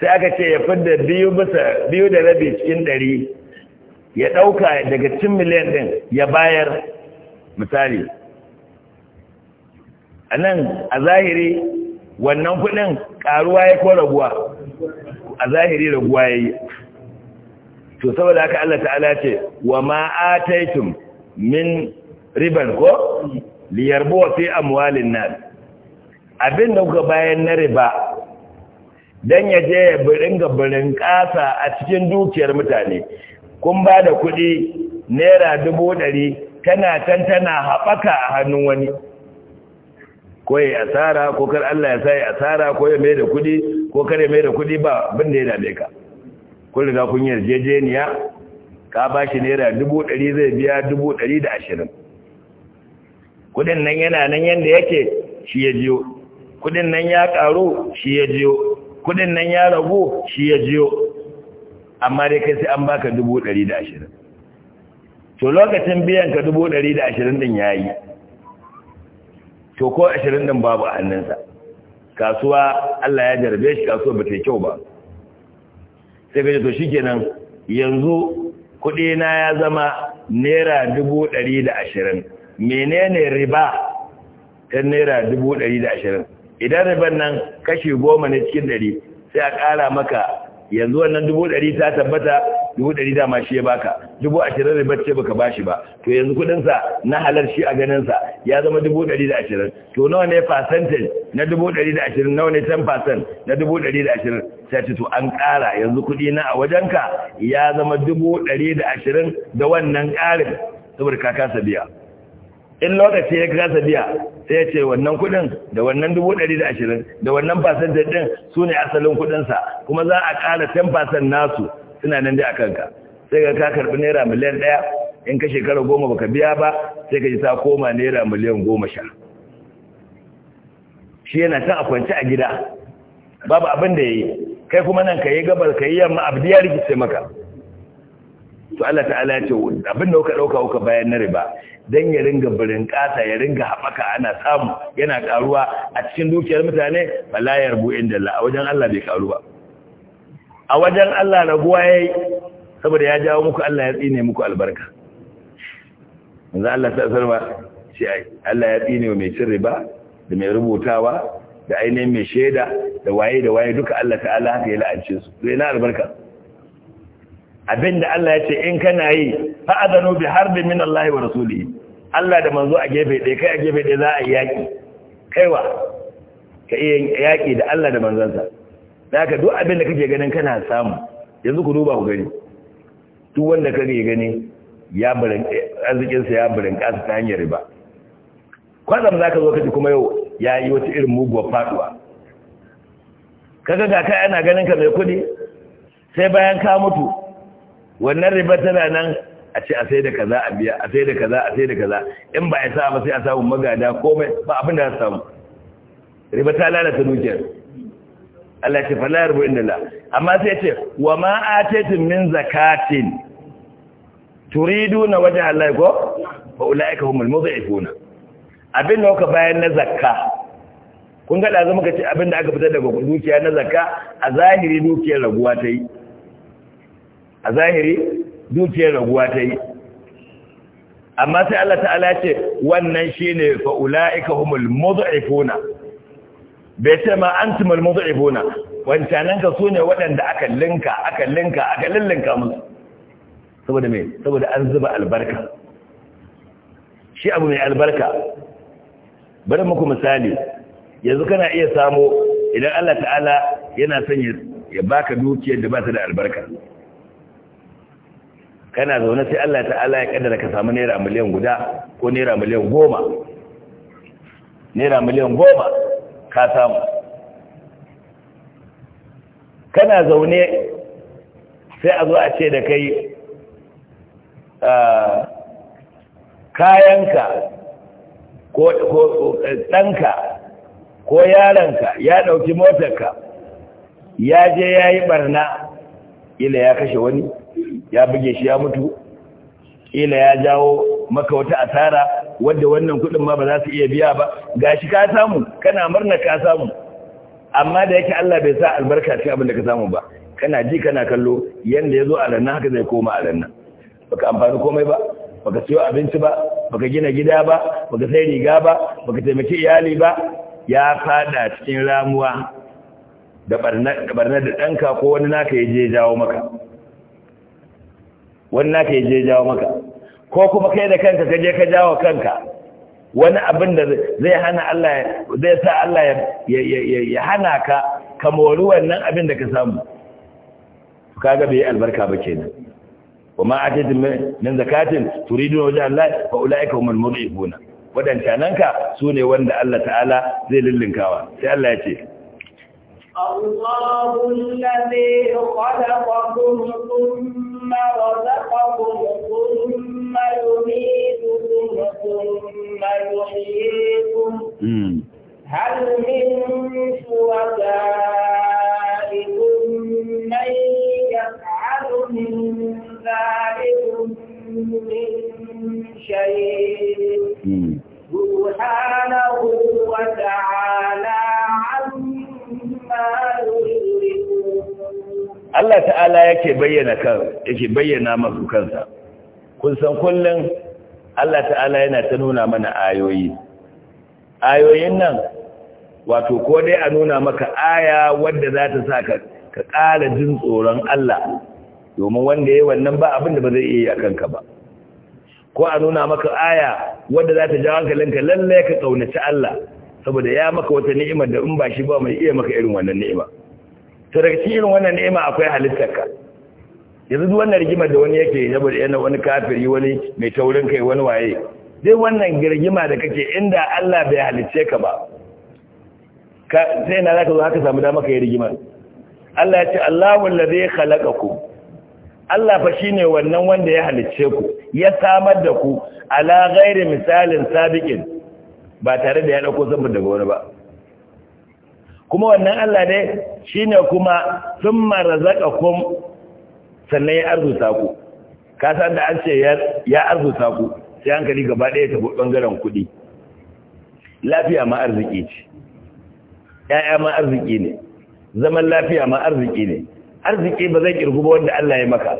sai aka ce ya fidda biyu bisa biyu da rabi cikin ɗari ya ɗauka daga cin miliyan ɗin ya bayar misali a nan a zahiri wannan kudin karuwa ya ko raguwa a zahiri raguwa ya yi to saboda haka Allah ta'ala ce wa ma ataitum min riban ko liyarbu fi amwalin nas abin da kuka bayan na riba dan ya je ya biringa birin kasa a cikin dukiyar mutane kun ba da kuɗi naira dubu ɗari tana can haɓaka a hannun wani ko ya asara ko kar Allah ya sa ya asara ko ya mai da kudi ko kar ya mai da kudi ba bin da ya dame ka kun riga kun yarjejeniya ka ba shi naira dubu ɗari zai biya dubu ɗari da ashirin kudin nan yana nan yadda yake shi ya jiyo kudin nan ya ƙaru shi ya jiyo kudin nan ya ragu shi ya jiyo amma dai kai sai an baka dubu ɗari da ashirin to lokacin biyan ka dubu ɗari da ashirin ɗin ya yi to ko ashirin din babu a hannunsa kasuwa Allah ya jarbe shi kasuwa ba ta kyau ba sai ga to shikenan yanzu kuɗina na ya zama naira dubu ɗari da ashirin menene riba ta naira dubu ɗari da ashirin idan riban nan kashi goma ne cikin ɗari sai a kara maka yanzu wannan dubu ta tabbata dubu ɗari dama shi ya baka dubu ashirin ribar ce baka bashi ba to yanzu kuɗinsa na halar shi a ganinsa ya zama dubu ɗari da ashirin to nawa ne percentage na dubu ɗari da ashirin nawa ne ten percent na dubu ɗari da ashirin sai ce to an ƙara yanzu kuɗi na a wajenka ya zama dubu ɗari da ashirin da wannan ƙarin saboda ka kasa biya in lokaci ya kasa biya sai ce wannan kudin da wannan dubu ɗari da ashirin da wannan fasantar ɗin su ne asalin kuɗinsa. kuma za a ƙara 10% nasu suna nan da a kanka sai ka ka karɓi naira miliyan ɗaya in ka shekara goma baka biya ba sai ka ji ta koma naira miliyan goma sha shi yana ta a kwance a gida babu abin da ya kai kuma nan ka gabar ka yamma abu ya rikice maka to Allah ta'ala ya ce abin da kuka ɗauka kuka bayan na riba dan ya ringa burin ƙasa ya ringa haɓaka ana samu yana karuwa a cikin dukiyar mutane balayar layar bu'in da Allah wajen Allah bai karu ba a wajen Allah na guwa ya yi saboda ya jawo muku Allah ya tsine muku albarka manzo Allah ta sarwa shi Allah ya tsine mai sirri ba da mai rubutawa da ainihin mai shaida da waye da waye duka Allah ta'ala haka ya la'ance su Zai na albarka abinda Allah ya ce in kana yi fa adanu bi min Allah wa rasulihi Allah da manzo a gefe ɗaya kai a gefe ɗaya za a yi yaƙi kaiwa ka iya yaƙi da Allah da manzansa da duk abin da kake ganin kana samu yanzu ku duba ku gani duk wanda kake gani ya barin arzikinsa ya barin kasa ta hanyar riba kwazam za ka zo kaji kuma yau ya yi wata irin muguwar faduwa kaga ga kai ana ganin ka mai kudi sai bayan ka mutu wannan riba tana nan a ce a sai da kaza a biya a sai da kaza a sai da kaza in ba ya sa ba sai a samu magada komai ba abin da ya samu riba ta lalata dukiyar Allah ce fala yarbu indala amma sai ce wa ma atatin min zakatin turiduna wajha Allah ko fa ulaika humul mudhifuna abin da ka bayan na zakka kun ga da ka ce abin da aka fitar daga dukiya na zakka a zahiri dukiyar raguwa ta yi a zahiri dukiyar raguwa ta yi amma sai Allah ta'ala ce wannan shine fa ulaika humul mudhifuna bai ce ma an timar mutu ibona wancananka su ne waɗanda aka linka aka linka aka lullinka musu saboda mai saboda an zuba albarka shi abu mai albarka bari muku misali yanzu kana iya samo idan Allah ta'ala yana son ya baka dukiyar da ba ta da albarka kana zaune sai Allah ta'ala ya kaddara ka samu naira miliyan guda ko naira miliyan goma naira miliyan goma ka samu kana zaune sai a zo a ce da kai ah, kayanka ko ɗanka ko yaranka, ya ɗauki motarka ya je ya yi ɓarna ila ya kashe wani ya buge shi ya mutu ila ya jawo maka wata asara wadda wannan kudin ma ba za su iya biya ba gashi ka samu kana murna ka samu amma da yake Allah bai sa albarka cikin abin da ka samu ba kana ji kana kallo yanda yazo a ranar haka zai koma a ranar baka amfani komai ba baka siyo abinci ba baka gina gida ba baka sai riga ba baka taimaki iyali ba ya fada cikin ramuwa da barna da ɗanka ko wani naka yaje jawo maka wani naka yaje jawo maka ko kuma kai da kanka ka je ka jawo kanka wani abin da zai hana Allah zai sa Allah ya hana ka ka mori wannan abin da ka samu ka gabe albarka ba kenan kuma ake dimin nan zakatin turidu wajen Allah fa ulaika humul mudhi'una wadan su sune wanda Allah ta'ala zai lullunkawa sai Allah ya ce الله الذي خلقكم ثم رزقكم ثم يميتكم ثم يحييكم هل من شركائكم من يفعل من ذلك من شيء Allah ta'ala yake bayyana kan yake bayyana masu kansa kun san kullun Allah ta'ala yana ta nuna mana ayoyi ayoyin nan wato ko dai a nuna maka aya wadda za ta sa ka ƙara jin tsoron Allah domin wanda ya wannan ba abin da ba zai iya kanka ba ko a nuna maka aya wadda za ta jawo hankalinka lallai ka kaunaci Allah saboda ya maka wata ni'imar da in ba shi ba mai iya maka irin wannan ni'ima to daga cikin irin wannan ni'ima akwai ka yanzu duk wannan rigimar da wani yake saboda yana wani kafiri wani mai taurin kai wani waye dai wannan girgima da kake inda Allah bai halicce ka ba sai na zaka zo haka samu dama kai rigimar Allah ya ce Allahu allazi khalaqakum Allah fa shine wannan wanda ya halicce ku ya samar da ku ala ghairi misalin sabiqin ba tare da ya dauko zamba daga wani ba kuma wannan Allah dai ne kuma sun thumma kun sannan ya arzuta ku ka da an ce ya arzuta ku sai hankali gaba ɗaya ta bangaren kuɗi lafiya ma arziki ce ƴaƴa ma arziki ne zaman lafiya ma arziki ne arziki ba zai ƙirgu ba wanda Allah ya maka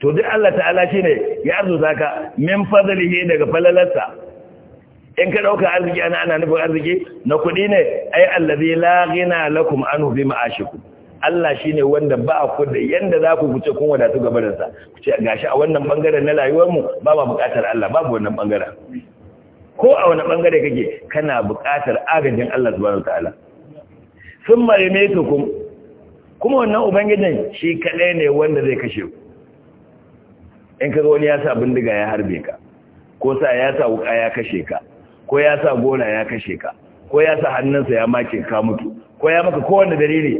to duk Allah ta'ala shi ne ya arzuta ka min fadlihi daga falalarsa in ka dauka arziki ana ana nufin arziki na kuɗi ne ai allazi la ghina lakum anhu bi ma'ashikum Allah shine wanda ba ku da yanda za ku kuce kun wadatu gaba da sa ku ce gashi a wannan bangaren na rayuwar mu ba ma buƙatar Allah ba wannan bangaren ko a wani bangare kake kana buƙatar agajin Allah subhanahu wataala sun marimetukum kuma wannan ubangijin shi kadai ne wanda zai kashe ku in ka zo wani ya sa bindiga ya harbe ka ko sa ya sa wuka ya kashe ka ko ya sa gona ya kashe ka ko ya sa hannunsa ya make ka mutu ko ya maka kowane dalili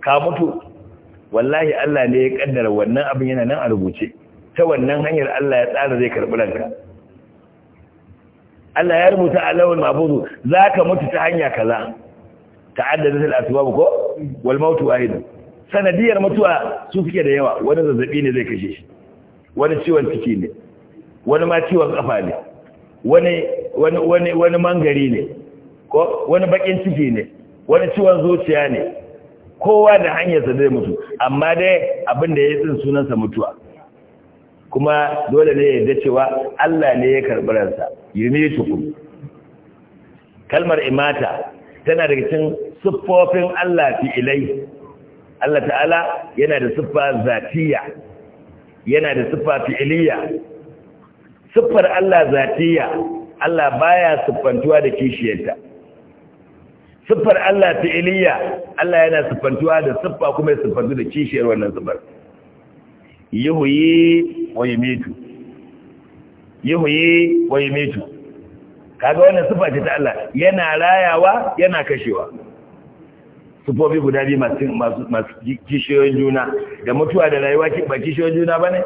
ka mutu wallahi Allah ne ya kaddara wannan abin yana nan a rubuce ta wannan hanyar Allah ya tsara zai karbi ranka Allah ya rubuta alawul mabudu za ka mutu ta hanya kaza ta'addada al-asbab ko wal maut wahid sanadiyar mutuwa su suke da yawa wani zazzabi ne zai kashe shi wani ciwon ciki ne wani ma ciwon kafa ne wani wani wani wani mangari ne wani bakin ciki ne wani ciwon zuciya ne kowa da hanyarsa zai mutu amma dai abinda da ya tsin sunansa mutuwa kuma dole ne ya yarda cewa Allah ne ya karɓi ransa tukun. kalmar imata tana daga cikin siffofin Allah fi ilai Allah ta'ala yana da siffa zatiya yana da siffa fi'iliya siffar Allah zatiya Allah baya siffantuwa da kishiyarta siffar Allah ta iliya Allah yana siffantuwa da siffa kuma ya siffantu da kishiyar wannan siffar yuhuyi wa yumitu yuhuyi wa yumitu kaga wannan siffa ce ta Allah yana rayawa yana kashewa siffofi guda biyu masu masu kishiyoyin juna da mutuwa da rayuwa ba kishiyoyin juna bane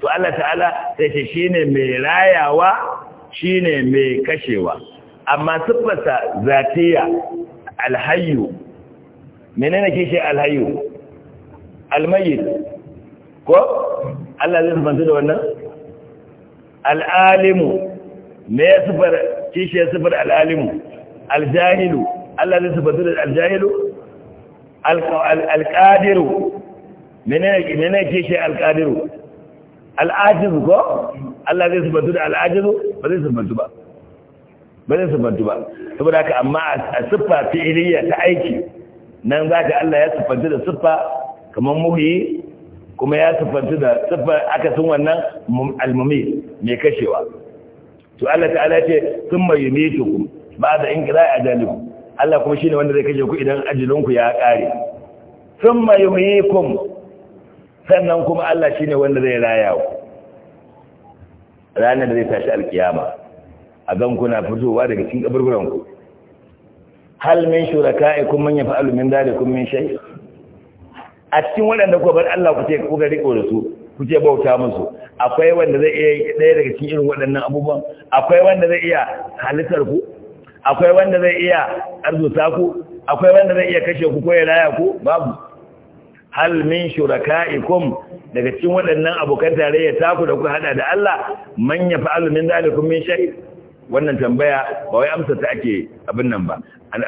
to Allah ta'ala sai shi shine mai rayawa shine mai kashewa amma siffarsa zatiya alhayyu menene kishi alhayyu almayyit ko Allah zai sifanta da wannan al'alimu me ya siffar kishi ya siffar al'alimu aljahilu Allah zai sifanta da aljahilu alqadiru menene menene kishi alqadiru al'ajiz ko Allah zai sifantu da al'ajizu ba zai sifantu ba ba zai sifantu ba saboda haka amma a siffa fi'iliya ta aiki nan za ka Allah ya sifantu da siffa kamar muhi kuma ya sifantu da siffa akasin wannan almumi mai kashewa to Allah ta'ala ce sun mai yumitukum ba da in kira a jalikum Allah kuma shine wanda zai kashe ku idan ajalinku ya kare sun mai yumikum sannan kuma Allah shine wanda zai raya ku ranar da zai tashi alkiyama a gan kuna fitowa daga cikin kaburburan ku hal min shuraka'ikum man yaf'alu min dhalikum min shai. a cikin waɗanda ku bar Allah ku ce ku ga riko da su ku ce bauta musu akwai wanda zai iya ɗaya daga cikin irin waɗannan abubuwan akwai wanda zai iya halittar ku akwai wanda zai iya arzuta ku akwai wanda zai iya kashe ku ko ya raya ku babu hal min shuraka'ikum daga cikin waɗannan abokan tarayya taku da kuka hada da Allah man ya fa'alu min zalikum min shay wannan tambaya ba wai amsa ta ake abin nan ba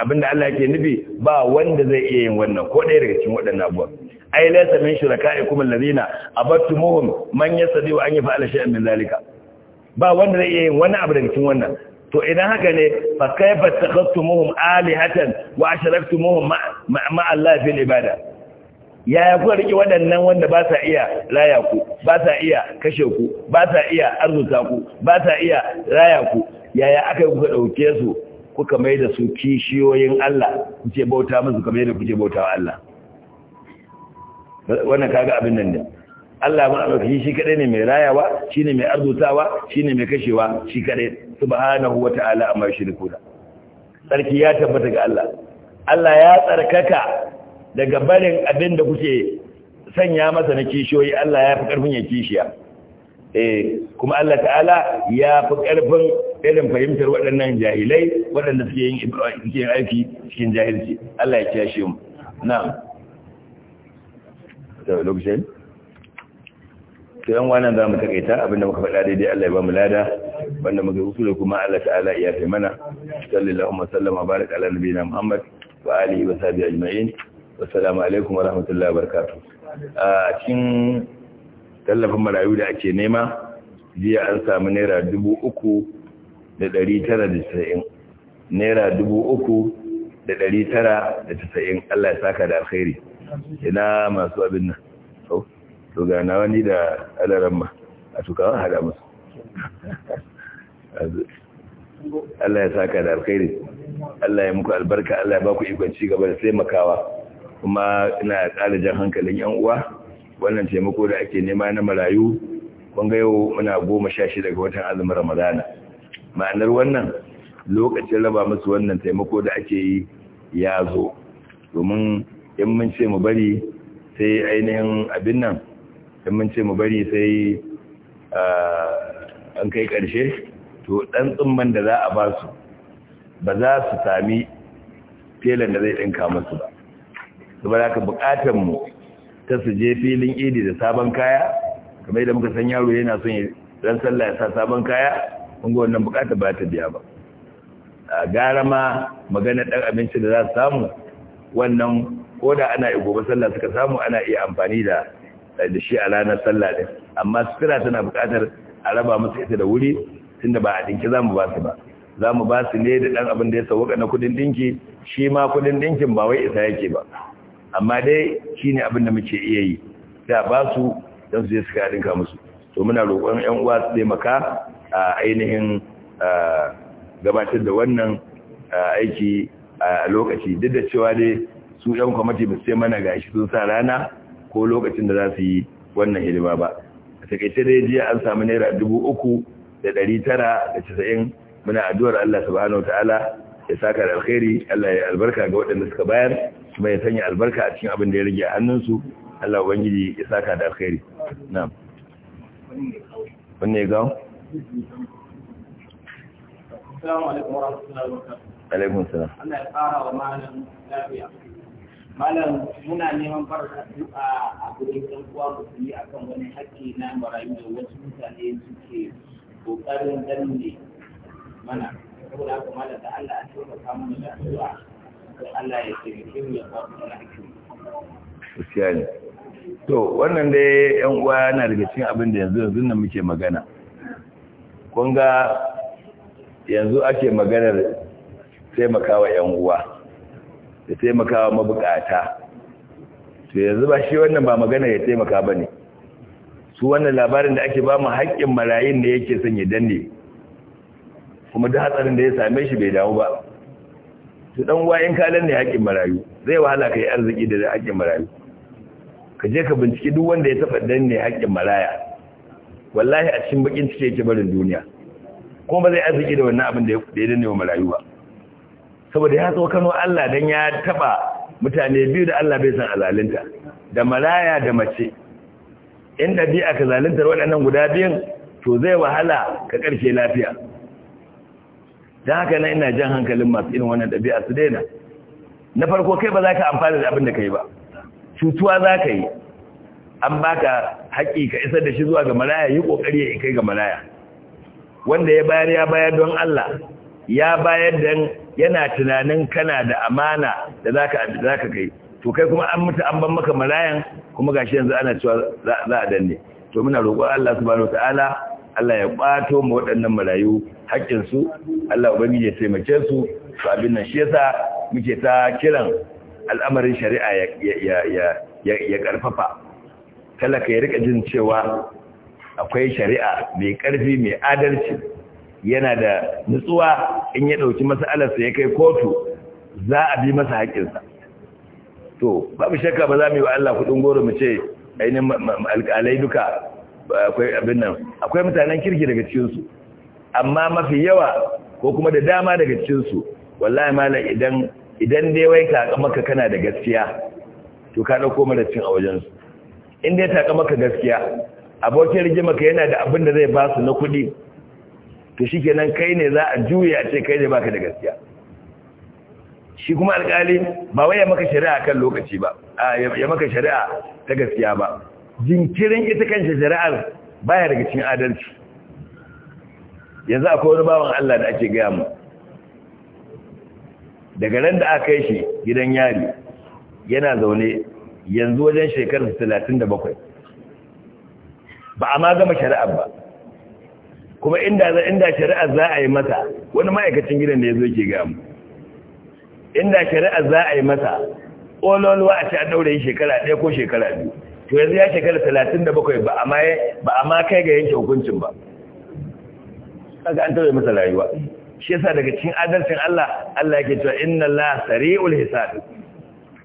abinda Allah yake nufi ba wanda zai iya yin wannan ko ɗaya daga cikin waɗannan abubuwan ai laysa min shuraka'ikum allazina abattumuhum man yasdi wa an yaf'ala shay'an min zalika ba wanda zai iya yin wani abu daga cikin wannan to idan haka ne fa kayfa takhattumuhum alihatan wa asharaktumuhum ma Allah fil ibada yaya kuka rike waɗannan wanda ba sa iya raya ku ba sa iya kashe ku ba sa iya arzuta ku ba sa iya raya ku yaya aka kuka ɗauke su kuka mai da su kishiyoyin Allah kuke bauta musu kamar yadda kuke bauta wa Allah wannan kaga abin nan ne Allah mun alƙashi shi kadai ne mai rayawa shine mai arzutawa shine mai kashewa shi kadai subhanahu wataala amma shirku da sarki ya tabbata ga Allah Allah ya tsarkaka daga barin abin da kuke sanya masa na kishiyoyi Allah ya fi ƙarfin ya kishiya eh kuma Allah ta'ala ya fi ƙarfin irin fahimtar waɗannan jahilai waɗanda suke yin aiki cikin jahilci Allah ya kiyashe mu na ta lokacin sai an za mu takaita abinda muka faɗa daidai Allah ya ba mu lada wanda muka usule kuma Allah ta'ala ya fi mana sallallahu alaihi wa sallama baraka ala nabiyina Muhammad wa alihi wa sahbihi ajma'in Assalamu alaikum wa rahmatullahi wa barakatu. A cikin tallafin marayu da ake nema, jiya an samu naira dubu uku da ɗari tara da tasa'in. Naira dubu uku da ɗari tara da tasa'in Allah ya saka da alkhairi. Ina masu abin nan. Sau, to ga na wani da alaramma a tukawa hada musu. Allah ya saka da alkhairi. Allah ya muku albarka, Allah ya ba ku ikon ci gaba da taimakawa. kuma ina tsara jan hankalin yan uwa wannan taimako da ake nema na marayu kun ga yau muna goma sha shida ga watan azumin ramadana ma'anar wannan lokacin raba musu wannan taimako da ake yi ya zo domin in mun ce mu bari sai ainihin abin nan in mun ce mu bari sai ah, an kai karshe to ɗan tsumman da za a ba su ba za su sami felan da zai ɗinka musu ba saboda ka bukatar mu ta su je filin idi da sabon kaya kamar yadda muka san yaro yana son ran sallah ya sa sabon kaya mun ga wannan bukatar ba ta biya ba a gara ma magana dan abinci da za su samu wannan koda ana yi gobe sallah suka samu ana iya amfani da da shi a ranar sallah din amma sutura tana bukatar a raba musu ita da wuri tunda ba a dinki zamu ba su ba zamu ba su ne da dan abin da ya sauka na kudin dinki shi ma kudin dinkin ba wai isa yake ba amma dai shi ne abin da muke iya yi da ba su don su yi suka dinka musu to muna roƙon ƴan uwa su taimaka a ainihin gabatar da wannan aiki a lokaci duk da cewa dai su ƴan kwamati ba su sai mana gashi sun sa rana ko lokacin da za su yi wannan hidima ba a takaice dai jiya an samu naira dubu uku da ɗari tara da casa'in muna addu'ar Allah subhanahu wa ta'ala ya saka da alkhairi Allah ya albarka ga waɗanda suka bayar kuma ya sanya albarka a cikin abin da ya rage a hannunsu Allah ubangiji ya saka da alkhairi na'am wannan ya gawo assalamu alaikum warahmatullahi wabarakatuh alaikum salam Allah ya fara wa malam lafiya malam muna neman barka du'a a gurin ɗan uwa musulmi akan wani haƙƙi na marayu da wasu mutane suke kokarin danne mana saboda haka malam da Allah ya taimaka mana da addu'a Allah to wannan dai yan uwa yana daga cikin abin da yanzu yanzu nan muke magana kun ga yanzu ake maganar taimakawa yan uwa da taimakawa mabukata to yanzu ba shi wannan ba magana ya taimaka ba ne su wannan labarin da ake ba mu haƙƙin marayin da yake son ya danne kuma da hatsarin da ya same shi bai damu ba su dan uwa in ka danne haƙin marayu zai wahala kai arziki da haƙin marayu ka je ka binciki duk wanda ya taba ne haƙin maraya wallahi a cikin bakin cike yake barin duniya ko ba zai arziki da wannan abin da ya danne wa marayu ba saboda ya tso kano Allah dan ya taba mutane biyu da Allah bai san azalinta da maraya da mace in ɗabi'a ka zalintar waɗannan guda biyun to zai wahala ka karshe lafiya don haka na ina jan hankalin masu irin wannan ɗabi'a su daina na farko kai ba za ka amfani da abin da ka yi ba cutuwa za ka yi an baka haƙi ka isar da shi zuwa ga malaya yi ƙoƙari ya kai ga malaya wanda ya bayar ya bayar don Allah ya bayar don yana tunanin kana da amana da za ka kai to kai kuma an mutu an ban maka malayan kuma gashi yanzu ana cewa za a danne to muna roƙon Allah subhanahu wataala Allah ya ƙwato ma waɗannan marayu haƙƙinsu Allah ubangiji ya taimake su to abin nan shi yasa muke ta kiran al'amarin shari'a ya ƙarfafa talaka ya riƙa jin cewa akwai shari'a mai ƙarfi mai adalci yana da nutsuwa in ya ɗauki alasa ya kai kotu za a bi masa haƙƙinsa to babu shakka ba za mu yi wa Allah kuɗin goro mu ce ainihin alƙalai duka akwai abin nan akwai mutanen kirki daga cikinsu amma mafi yawa ko kuma da dama daga cikinsu wallahi mala idan idan dai wai ka maka kana da gaskiya to ka dauko mara cin a wajensu in dai ta maka gaskiya abokin rigima ka yana da abin da zai ba su na kuɗi to shi kenan kai ne za a juya a ce kai ne baka da gaskiya shi kuma alƙali ba wai ya maka shari'a kan lokaci ba ya maka shari'a ta gaskiya ba jinkirin ita kanta shari'ar baya daga cikin adalci yanzu akwai wani bawan Allah da ake gaya mu daga ran da aka yi shi gidan yari yana zaune yanzu wajen shekarar 37 ba a ma gama shari'ar ba kuma inda inda shari'ar za a yi masa wani ma'aikacin gidan da ya zo ke mu. inda shari'ar za a yi masa ololuwa a ce a daure shekara ɗaya ko shekara biyu to yanzu ya shekara talatin da bakwai ba a ma kai ga yanke hukuncin ba kaga an tabbai masa rayuwa shi yasa daga cikin adalcin Allah Allah yake cewa inna la sari'ul hisab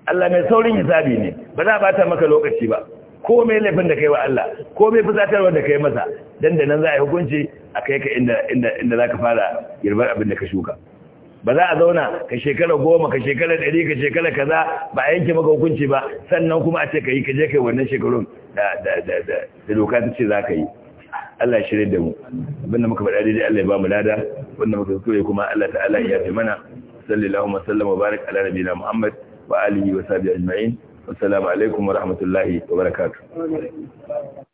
Allah mai saurin hisabi ne ba za a bata maka lokaci ba ko mai laifin da kai wa Allah ko mai fusatarwa da kai masa dan da nan za a yi hukunci a kai ka inda inda inda zaka fara girbar abin da ka shuka ba za a zauna ka shekara goma ka shekara ɗari ka shekara kaza ba a yanke maka hukunci ba sannan kuma a ce ka yi ka je ka yi wannan shekarun da doka ta ce za ka yi Allah shirye da mu abinda muka faɗa daidai Allah ya ba mu lada wanda muka kure kuma Allah ta'ala ya fi mana sallallahu alaihi wa sallam wa barik ala nabiyina Muhammad wa alihi wa sahbihi ajma'in assalamu alaikum wa rahmatullahi wa barakatuh